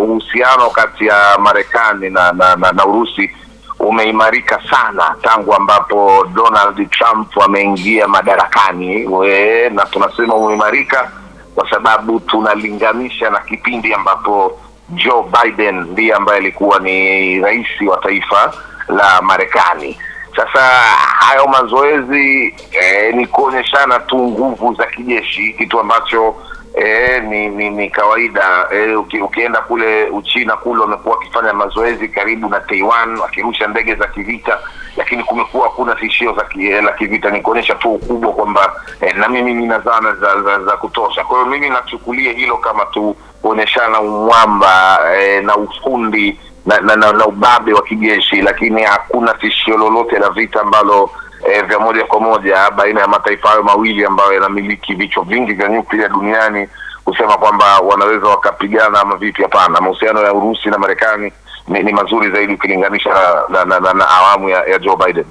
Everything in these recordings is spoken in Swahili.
uhusiano kati ya Marekani na, na, na, na Urusi umeimarika sana tangu ambapo Donald Trump ameingia madarakani we, na tunasema umeimarika kwa sababu tunalinganisha na kipindi ambapo Joe Biden ndiye ambaye alikuwa ni rais wa taifa la Marekani. Sasa hayo mazoezi eh, ni kuonyeshana tu nguvu za kijeshi, kitu ambacho E, ni, ni ni kawaida e, uki, ukienda kule Uchina kule wamekuwa wakifanya mazoezi karibu na Taiwan wakirusha ndege za kivita, lakini kumekuwa hakuna tishio eh, la kivita. Ni kuonyesha tu ukubwa kwamba e, na mimi nina zana za, za, za kutosha. Kwa hiyo mimi nachukulia hilo kama tu kuonyeshana umwamba e, na ufundi na, na, na, na ubabe wa kijeshi, lakini hakuna tishio lolote la vita ambalo e, vya moja kwa moja baina ya mataifa hayo mawili ambayo yanamiliki vichwa vingi vya nyuklia duniani kusema kwamba wanaweza wakapigana ama vipi? Hapana, mahusiano ya Urusi na Marekani ni, ni mazuri zaidi ukilinganisha na, na, na, na, na awamu ya, ya Joe Biden.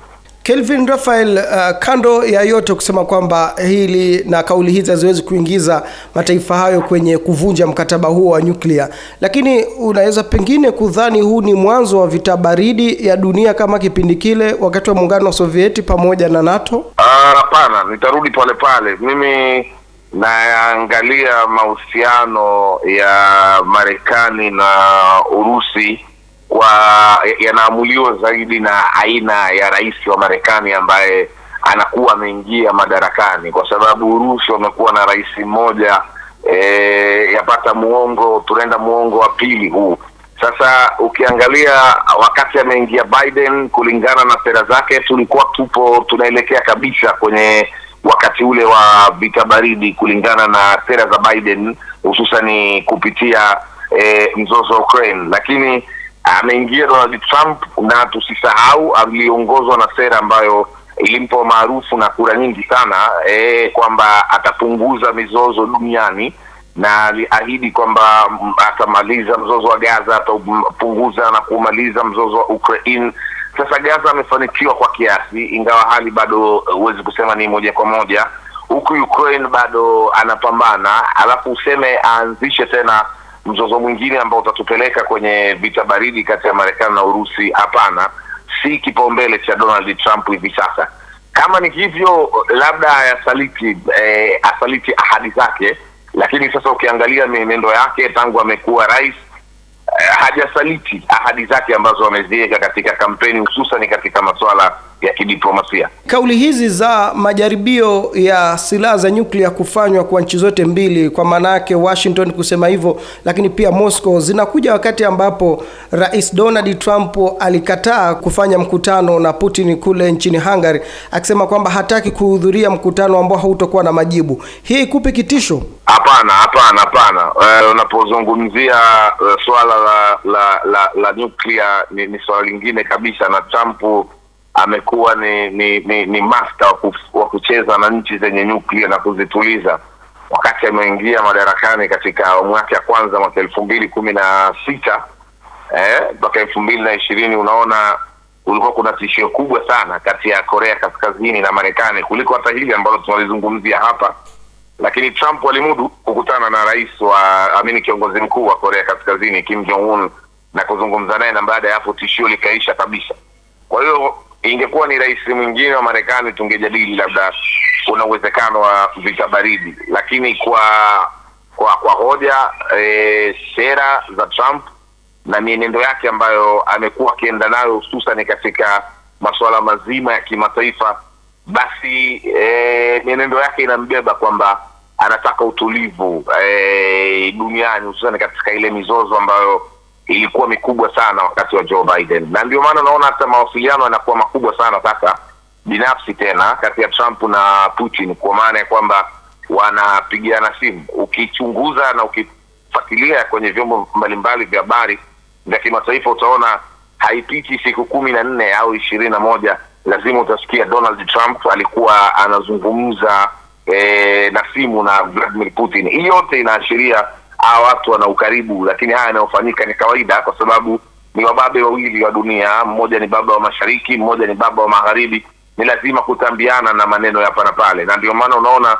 Kelvin Raphael uh, kando ya yote kusema kwamba hili na kauli hizi haziwezi kuingiza mataifa hayo kwenye kuvunja mkataba huo wa nyuklia, lakini unaweza pengine kudhani huu ni mwanzo wa vita baridi ya dunia kama kipindi kile wakati wa muungano wa Sovieti pamoja na NATO? Ah, hapana, uh, nitarudi pale pale. Mimi naangalia mahusiano ya Marekani na Urusi kwa yanaamuliwa zaidi na aina ya rais wa Marekani ambaye anakuwa ameingia madarakani, kwa sababu Urusi wamekuwa na rais mmoja e, yapata muongo, tunaenda muongo wa pili huu sasa. Ukiangalia wakati ameingia Biden, kulingana na sera zake, tulikuwa tupo tunaelekea kabisa kwenye wakati ule wa vita baridi, kulingana na sera za Biden, hususani kupitia e, mzozo wa Ukraine, lakini ameingia Donald Trump na tusisahau aliongozwa na sera ambayo ilimpa maarufu na kura nyingi sana e, kwamba atapunguza mizozo duniani na aliahidi kwamba mm, atamaliza mzozo wa Gaza, atapunguza na kumaliza mzozo wa Ukraine. Sasa Gaza amefanikiwa kwa kiasi, ingawa hali bado huwezi kusema ni moja kwa moja, huku Ukraine bado anapambana, alafu useme aanzishe tena mzozo mwingine ambao utatupeleka kwenye vita baridi kati ya Marekani na Urusi. Hapana, si kipaumbele cha Donald Trump hivi sasa. Kama ni hivyo, labda ayasaliti eh, asaliti ahadi zake, lakini sasa ukiangalia mienendo yake tangu amekuwa rais eh, hajasaliti ahadi zake ambazo ameziweka katika kampeni, hususan katika masuala ya kidiplomasia. Kauli hizi za majaribio ya silaha za nyuklia kufanywa kwa nchi zote mbili, kwa maana yake Washington kusema hivyo, lakini pia Moscow, zinakuja wakati ambapo Rais Donald Trump alikataa kufanya mkutano na Putin kule nchini Hungary, akisema kwamba hataki kuhudhuria mkutano ambao hautokuwa na majibu. Hii kupi kitisho? Hapana, hapana, hapana. Uh, unapozungumzia uh, swala la la la, la nyuklia ni, ni swala lingine kabisa, na Trump amekuwa ni ni, ni, ni master wa kucheza na nchi zenye nyuklia na kuzituliza wakati ameingia madarakani katika awamu yake ya kwanza mwaka elfu mbili kumi na sita eh, mpaka eh, elfu mbili na ishirini unaona kulikuwa kuna tishio kubwa sana kati ya Korea Kaskazini na Marekani kuliko hata hili ambalo tunalizungumzia hapa, lakini Trump alimudu kukutana na rais wa amini, kiongozi mkuu wa Korea Kaskazini Kim Jong Un na kuzungumza naye, na baada ya hapo tishio likaisha kabisa. Kwa hiyo ingekuwa ni rais mwingine wa Marekani tungejadili labda kuna uwezekano wa vita baridi, lakini kwa kwa kwa hoja e, sera za Trump na mienendo yake ambayo amekuwa akienda nayo hususan katika masuala mazima ya kimataifa, basi e, mienendo yake inambeba kwamba anataka utulivu e, duniani hususan katika ile mizozo ambayo ilikuwa mikubwa sana wakati wa Joe Biden, na ndio maana unaona hata mawasiliano yanakuwa makubwa sana sasa binafsi tena kati ya Trump na Putin, kwa maana ya kwamba wanapigiana simu. Ukichunguza na ukifuatilia kwenye vyombo mbalimbali vya habari vya kimataifa utaona haipiti siku kumi na nne au ishirini na moja lazima utasikia Donald Trump alikuwa anazungumza e, na simu na Vladimir Putin. Hii yote inaashiria hawa watu wana ukaribu, lakini haya yanayofanyika ni kawaida, kwa sababu ni wababe wawili wa dunia, mmoja ni baba wa mashariki, mmoja ni baba wa magharibi. Ni lazima kutambiana na maneno ya hapa na pale, na ndio maana unaona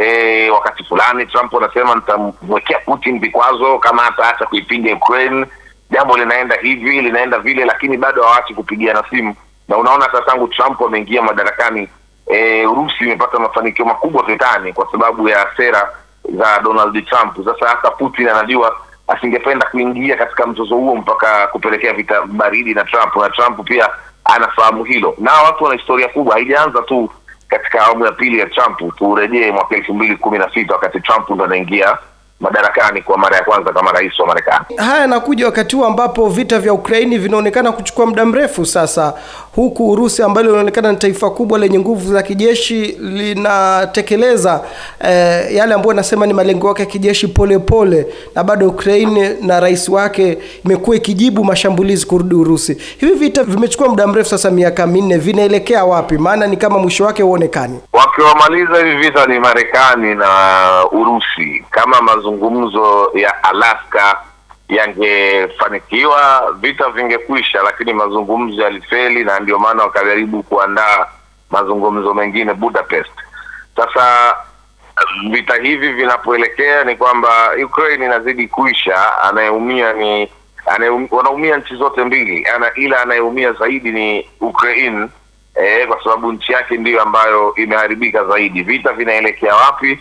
E, wakati fulani Trump anasema nitamwekea Putin vikwazo kama hataacha kuipiga Ukraine. Jambo linaenda hivi linaenda vile, lakini bado hawachi kupigiana simu, na unaona hata tangu Trump ameingia madarakani e, Urusi imepata mafanikio makubwa vitani kwa sababu ya sera za Donald Trump. Sasa hata Putin anajua asingependa kuingia katika mzozo huo mpaka kupelekea vita baridi na Trump, na Trump pia anafahamu hilo, na watu wana historia kubwa, haijaanza tu katika awamu ya pili ya Trump. Turejee mwaka elfu mbili kumi na sita wakati Trump ndo anaingia madarakani kwa mara ya kwanza kama rais wa Marekani. Haya yanakuja wakati huu ambapo vita vya Ukraini vinaonekana kuchukua muda mrefu sasa, huku Urusi ambalo linaonekana ni taifa kubwa lenye nguvu za kijeshi linatekeleza eh, yale ambayo anasema ni malengo yake ya kijeshi polepole, na bado Ukraini na rais wake imekuwa ikijibu mashambulizi kurudi Urusi. Hivi vita vimechukua muda mrefu sasa, miaka minne, vinaelekea wapi? Maana ni kama mwisho wake huonekani. Wakiwamaliza hivi vita ni Marekani na Urusi kama mazu mazungumzo ya Alaska yangefanikiwa, vita vingekwisha, lakini mazungumzo yalifeli, na ndio maana wakajaribu kuandaa mazungumzo mengine Budapest. Sasa vita hivi vinapoelekea ni kwamba Ukraine inazidi kuisha, anayeumia ni anayeum, wanaumia nchi zote mbili ana, ila anayeumia zaidi ni Ukraine eh, kwa sababu nchi yake ndiyo ambayo imeharibika zaidi. Vita vinaelekea wapi?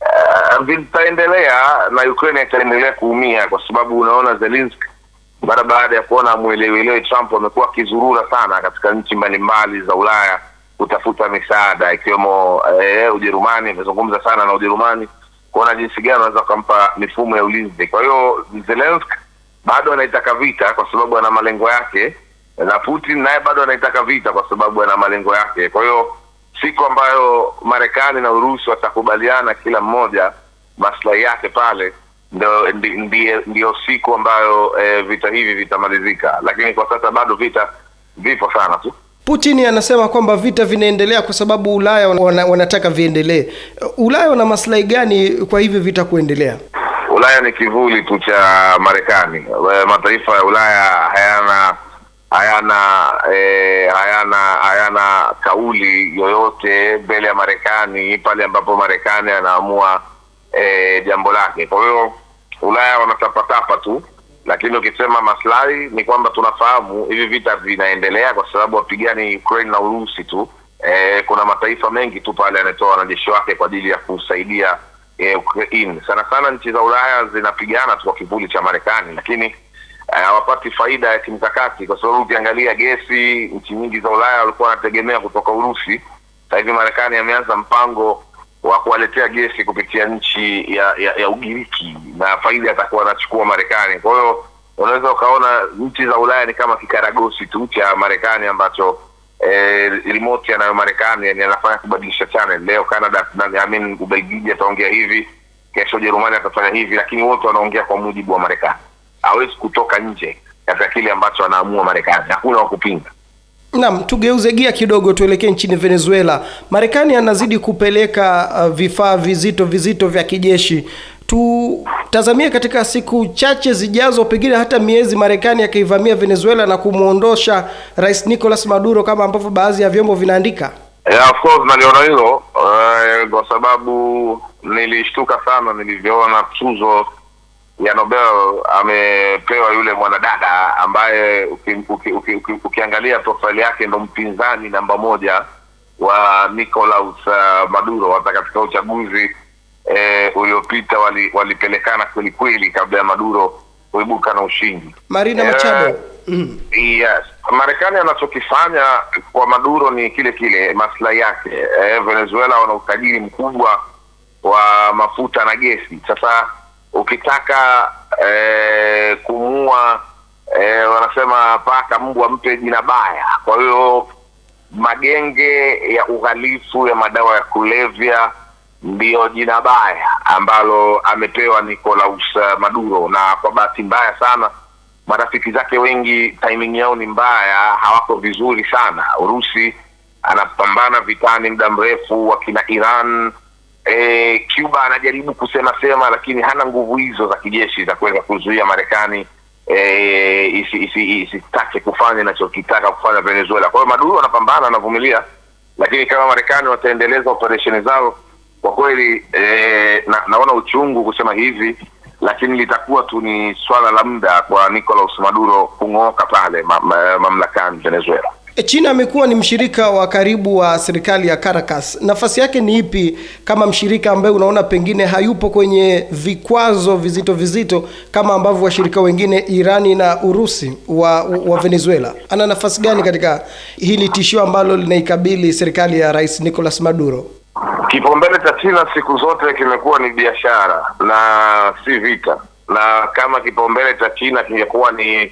uh, eh, vitaendelea na Ukraine itaendelea kuumia, kwa sababu unaona Zelensky mara baada ya kuona mwelewelewe Trump amekuwa akizurura sana katika nchi mbalimbali za Ulaya kutafuta misaada ikiwemo eh, Ujerumani. Amezungumza sana na Ujerumani kuona jinsi gani anaweza kumpa mifumo ya ulinzi. Kwa hiyo Zelensky bado anaitaka vita kwa sababu ana malengo yake, na Putin naye bado anaitaka vita kwa sababu ana malengo yake. Kwa hiyo siku ambayo Marekani na Urusi watakubaliana kila mmoja maslahi yake pale ndio ndiyo, siku ambayo e, vita hivi vitamalizika, lakini kwa sasa bado vita vipo sana tu. Putin anasema kwamba vita vinaendelea kwa sababu Ulaya wana, wanataka viendelee. Ulaya wana maslahi gani kwa hivyo vita kuendelea? Ulaya ni kivuli tu cha Marekani. Eh, mataifa ya Ulaya hayana hayana eh, hayana hayana kauli yoyote mbele ya Marekani pale ambapo Marekani anaamua eh, jambo lake. Kwa hiyo Ulaya wanatapatapa tu, lakini ukisema maslahi ni kwamba tunafahamu hivi vita vinaendelea kwa sababu wapigani Ukraine na Urusi tu. Eh, kuna mataifa mengi tu pale yanatoa wanajeshi wake kwa ajili ya kusaidia eh, Ukraine. Sana sana nchi za Ulaya zinapigana tu kwa kivuli cha Marekani, lakini hawapati faida ya kimkakati, kwa sababu ukiangalia gesi, nchi nyingi za Ulaya walikuwa wanategemea kutoka Urusi. Sasa hivi Marekani ameanza mpango wa kuwaletea gesi kupitia nchi ya, ya, ya Ugiriki na faida atakuwa anachukua Marekani. Kwa hiyo unaweza ukaona nchi za Ulaya ni kama kikaragosi tu cha Marekani ambacho eh, remote yanayo Marekani yani anafanya kubadilisha channel. Leo Canada I mean Ubelgiji ataongea hivi, kesho Jerumani atafanya hivi, lakini wote wanaongea kwa mujibu wa Marekani hawezi kutoka nje katika kile ambacho anaamua Marekani, hakuna wa kupinga. Naam, tugeuze gia kidogo tuelekee nchini Venezuela. Marekani anazidi kupeleka uh, vifaa vizito vizito vya kijeshi. Tutazamie katika siku chache zijazo, pengine hata miezi, Marekani akaivamia Venezuela na kumwondosha Rais Nicolas Maduro kama ambavyo baadhi ya vyombo vinaandika. Yeah, of course naliona hilo uh, kwa sababu nilishtuka sana nilivyoona tuzo ya Nobel amepewa yule mwanadada ambaye uki, uki, uki, uki, ukiangalia profile yake ndo mpinzani namba moja wa Nicolas uh, Maduro. Hata katika uchaguzi eh, uliopita walipelekana wali kweli kweli kabla ya Maduro kuibuka na ushindi. Marina eh, Machado. Mm. Yes. Marekani anachokifanya kwa Maduro ni kile kile maslahi yake. Eh, Venezuela wana utajiri mkubwa wa mafuta na gesi. Sasa ukitaka eh, kumua eh, wanasema paka mbwa mpe jina baya. Kwa hiyo magenge ya uhalifu ya madawa ya kulevya ndiyo jina baya ambalo amepewa Nicolas eh, Maduro, na kwa bahati mbaya sana marafiki zake wengi timing yao ni mbaya, hawako vizuri sana. Urusi anapambana vitani muda mrefu, wakina Iran e, Cuba anajaribu kusema sema, lakini hana nguvu hizo za kijeshi za kuweza kuzuia Marekani e, isitake isi, isi kufanya inachokitaka kufanya Venezuela. Kwa hiyo Maduro anapambana, anavumilia, lakini kama Marekani wataendeleza operesheni zao kwa kweli e, na, naona uchungu kusema hivi, lakini litakuwa tu ni swala la muda kwa Nicolas Maduro kungoka pale ma, ma, mamlakani Venezuela. E, China amekuwa ni mshirika wa karibu wa serikali ya Caracas. Nafasi yake ni ipi kama mshirika ambaye unaona pengine hayupo kwenye vikwazo vizito vizito kama ambavyo washirika wengine Irani na Urusi wa, wa Venezuela? Ana nafasi gani katika hili tishio ambalo linaikabili serikali ya Rais Nicolas Maduro? Kipaumbele cha China siku zote kimekuwa ni biashara na si vita, na kama kipaumbele cha China kingekuwa ni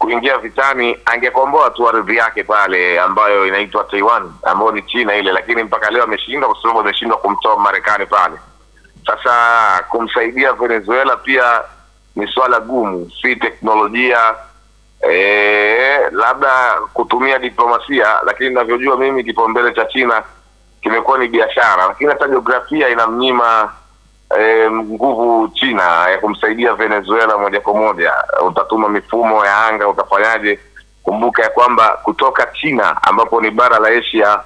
kuingia vitani, angekomboa tu ardhi yake pale ambayo inaitwa Taiwan, ambayo ni China ile, lakini mpaka leo ameshindwa, kwa sababu ameshindwa kumtoa Marekani pale. Sasa kumsaidia Venezuela pia ni swala gumu, si teknolojia e, labda kutumia diplomasia, lakini ninavyojua mimi kipaumbele cha China kimekuwa ni biashara, lakini hata jiografia inamnyima nguvu e, China ya kumsaidia Venezuela moja kwa moja, utatuma mifumo ya anga, utafanyaje? Kumbuka ya kwamba kutoka China ambapo ni bara la Asia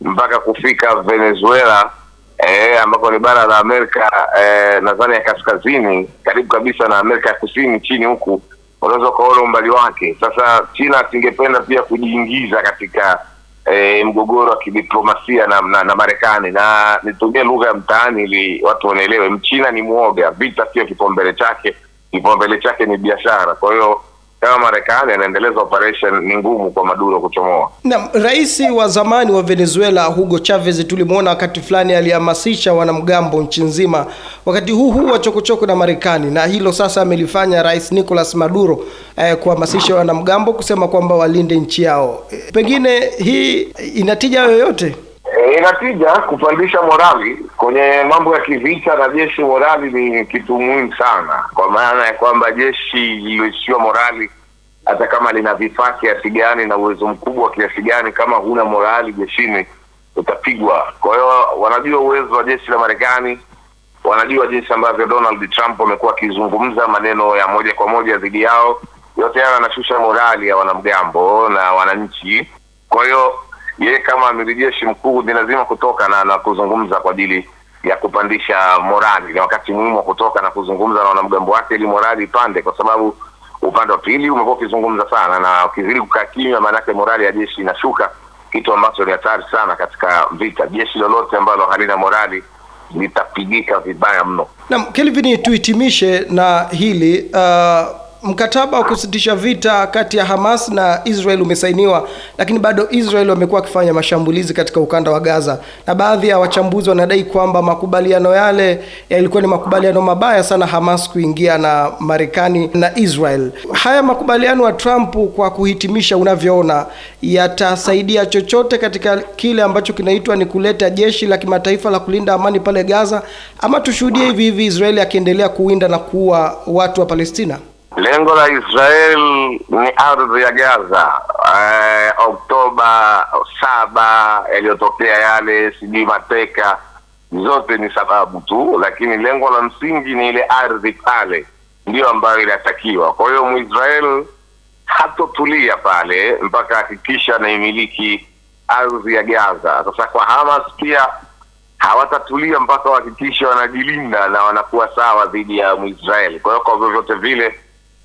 mpaka kufika Venezuela e, ambapo ni bara la Amerika e, nadhani ya kaskazini karibu kabisa na Amerika ya kusini chini huku, unaweza ukaona umbali wake. Sasa China asingependa pia kujiingiza katika e, mgogoro wa kidiplomasia na, na, na Marekani, na nitumie lugha ya mtaani ili watu wanaelewe. Mchina ni mwoga, vita sio kipaumbele chake, kipaumbele chake ni biashara. Kwa hiyo kama Marekani anaendeleza operation ni ngumu kwa Maduro kuchomoa. Naam, rais wa zamani wa Venezuela Hugo Chavez tulimwona wakati fulani alihamasisha wanamgambo nchi nzima, wakati huu huu wa chokochoko na Marekani, na hilo sasa amelifanya Rais Nicolas Maduro eh, kuhamasisha wanamgambo kusema kwamba walinde nchi yao. Eh, pengine hii inatija yoyote? E, inatija kupandisha morali kwenye mambo ya kivita na jeshi. Morali ni kitu muhimu sana, kwa maana ya kwamba jeshi liloishiwa morali, hata kama lina vifaa kiasi gani na uwezo mkubwa wa kiasi gani, kama huna morali jeshini utapigwa. Kwa hiyo wanajua uwezo wa jeshi la Marekani, wanajua jinsi ambavyo Donald Trump amekuwa akizungumza maneno ya moja kwa moja dhidi yao. Yote hayo yanashusha morali ya wanamgambo na wananchi, kwa hiyo ye kama amiri jeshi mkuu ni lazima kutoka na, na kuzungumza kwa ajili ya kupandisha morali. Ni wakati muhimu wa kutoka na kuzungumza na wanamgambo wake ili morali ipande, kwa sababu upande wa pili umekuwa ukizungumza sana, na ukizidi kukaa kimya, maanake morali ya jeshi inashuka, kitu ambacho ni hatari sana katika vita. Jeshi lolote ambalo halina morali litapigika vibaya mno. nam Kelvin, tuhitimishe na hili uh mkataba wa kusitisha vita kati ya Hamas na Israel umesainiwa, lakini bado Israel wamekuwa wakifanya mashambulizi katika ukanda wa Gaza, na baadhi ya wachambuzi wanadai kwamba makubaliano yale yalikuwa ni makubaliano mabaya sana, Hamas kuingia na Marekani na Israel. Haya makubaliano ya Trump, kwa kuhitimisha, unavyoona yatasaidia chochote katika kile ambacho kinaitwa ni kuleta jeshi la kimataifa la kulinda amani pale Gaza, ama tushuhudie hivi hivi Israeli akiendelea kuwinda na kuua watu wa Palestina? Lengo la Israel ni ardhi ya Gaza. Eh, Oktoba saba yaliyotokea yale, sijui mateka, zote ni sababu tu, lakini lengo la msingi ni ile ardhi pale ndiyo ambayo inatakiwa. Kwa hiyo Mwisrael hatotulia pale mpaka hakikisha anaimiliki ardhi ya Gaza. Sasa kwa Hamas pia hawatatulia mpaka wahakikisha wanajilinda na wanakuwa sawa dhidi ya Mwisraeli. Kwa hiyo kwa vyovyote vile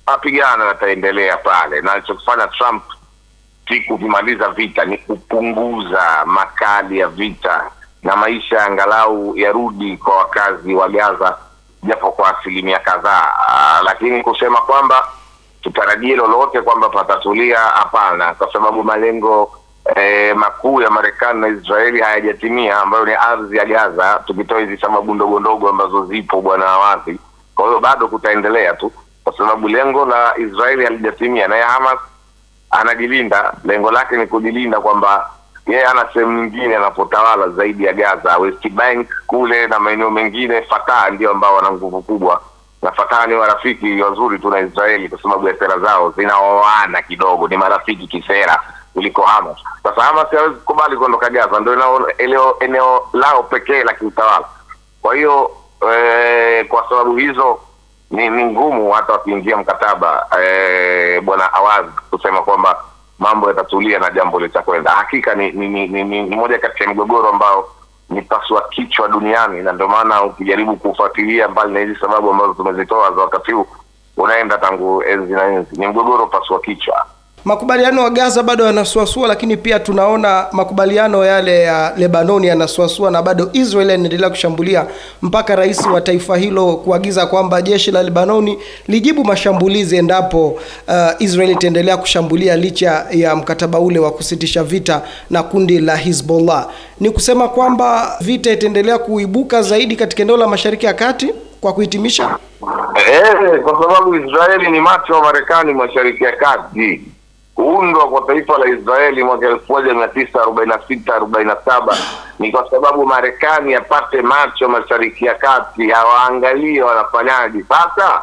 mapigano yataendelea pale, na alichokifanya Trump si kuvimaliza vita, ni kupunguza makali ya vita na maisha angalau yarudi kwa wakazi wa Gaza japo kwa asilimia kadhaa. Ah, lakini kusema kwamba tutarajie lolote kwamba patatulia, hapana, kwa sababu malengo eh, makuu ya Marekani na Israeli hayajatimia, ambayo ni ardhi ya Gaza, tukitoa hizi sababu ndogo ndogo ambazo zipo bwana wazi. Kwa hiyo bado kutaendelea tu kwa sababu lengo la Israeli halijatimia, naye Hamas anajilinda. Lengo lake ni kujilinda kwamba yeye ana sehemu nyingine anapotawala zaidi ya Gaza, West Bank kule na maeneo mengine. Fatah ndio ambao wana nguvu kubwa, na Fatah ni warafiki wazuri tu na Israeli kwa sababu ya sera zao zinaoana kidogo, ni marafiki kisera kuliko Hamas. Sasa Hamas hawezi kukubali kuondoka Gaza, ndio eneo eneo lao pekee la kiutawala. Kwa hiyo eh, kwa sababu hizo ni, ni ngumu hata wakiingia mkataba e, bwana awaz kusema kwamba mambo yatatulia na jambo litakwenda. Hakika ni, ni, ni, ni, ni, ni moja kati ya mgogoro ambao ni paswa kichwa duniani, na ndio maana ukijaribu kufuatilia mbali na hizi sababu ambazo tumezitoa za wakati huu unaenda tangu enzi na enzi, ni mgogoro paswa kichwa makubaliano ya Gaza bado yanasuasua, lakini pia tunaona makubaliano yale ya Lebanon yanasuasua na bado Israel yanaendelea kushambulia, mpaka rais wa taifa hilo kuagiza kwamba jeshi la Lebanoni lijibu mashambulizi endapo uh, Israel itaendelea kushambulia licha ya mkataba ule wa kusitisha vita na kundi la Hezbollah. Ni kusema kwamba vita itaendelea kuibuka zaidi katika eneo la Mashariki ya Kati. Kwa kuhitimisha, eh, kwa sababu Israeli ni macho wa Marekani mashariki ya kati kuundwa kwa taifa la Israeli mwaka elfu moja mia tisa arobaini na sita arobaini na saba ni kwa sababu Marekani yapate macho Mashariki ya Kati, hawaangalie wanafanyaje. Sasa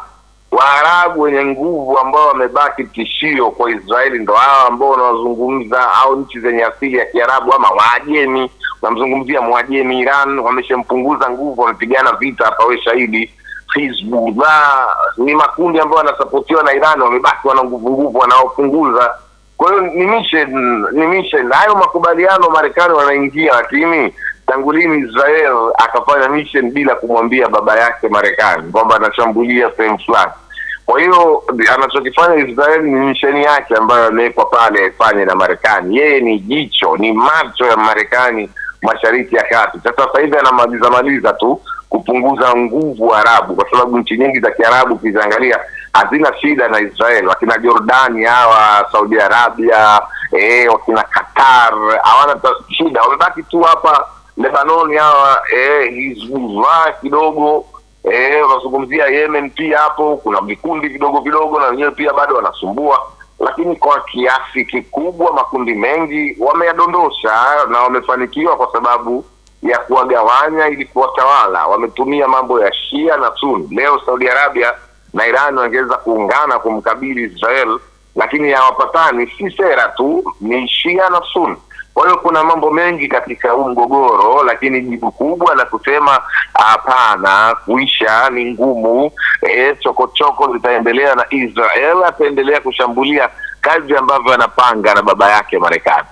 Waarabu wenye nguvu ambao wamebaki tishio kwa Israeli ndo hawa ambao unawazungumza, au nchi zenye asili ya Kiarabu ama Waajemi. Unamzungumzia Mwajemi Iran, wameshampunguza nguvu, wamepigana vita hapa, we shahidi Hizbullah ni makundi ambayo yanasapotiwa na Iran, wamebaki wana nguvu nguvu, wanaopunguza kwa hiyo ni mission hayo makubaliano, Marekani wanaingia lakini tangu lini Israel akafanya mission bila kumwambia baba yake Marekani kwamba anashambulia sehemu fulani? Kwa hiyo anachokifanya Israel ni misheni yake ambayo amewekwa pale aifanye na Marekani. Yeye ni jicho, ni macho ya Marekani mashariki ya kati. Sasa hivi anamaliza maliza tu kupunguza nguvu Arabu, kwa sababu nchi nyingi za Kiarabu ukiziangalia hazina shida na Israel. Wakina Jordani hawa, Saudi Arabia eh, wakina Qatar hawana shida, wamebaki tu hapa Lebanon hawa eh, Hizbullah kidogo eh, unazungumzia Yemen pia hapo kuna vikundi vidogo vidogo na wenyewe pia bado wanasumbua, lakini kwa kiasi kikubwa makundi mengi wameyadondosha na wamefanikiwa kwa sababu ya kuwagawanya ili kuwatawala. Wametumia mambo ya Shia na Sunni. Leo Saudi Arabia na Iran wangeweza kuungana kumkabili Israel, lakini hawapatani. Si sera tu, ni Shia na Sunni. Kwa hiyo kuna mambo mengi katika huu mgogoro, lakini jibu kubwa la kusema hapana, kuisha ni ngumu. E, chokochoko zitaendelea na Israel ataendelea kushambulia kazi ambavyo anapanga na baba yake Marekani.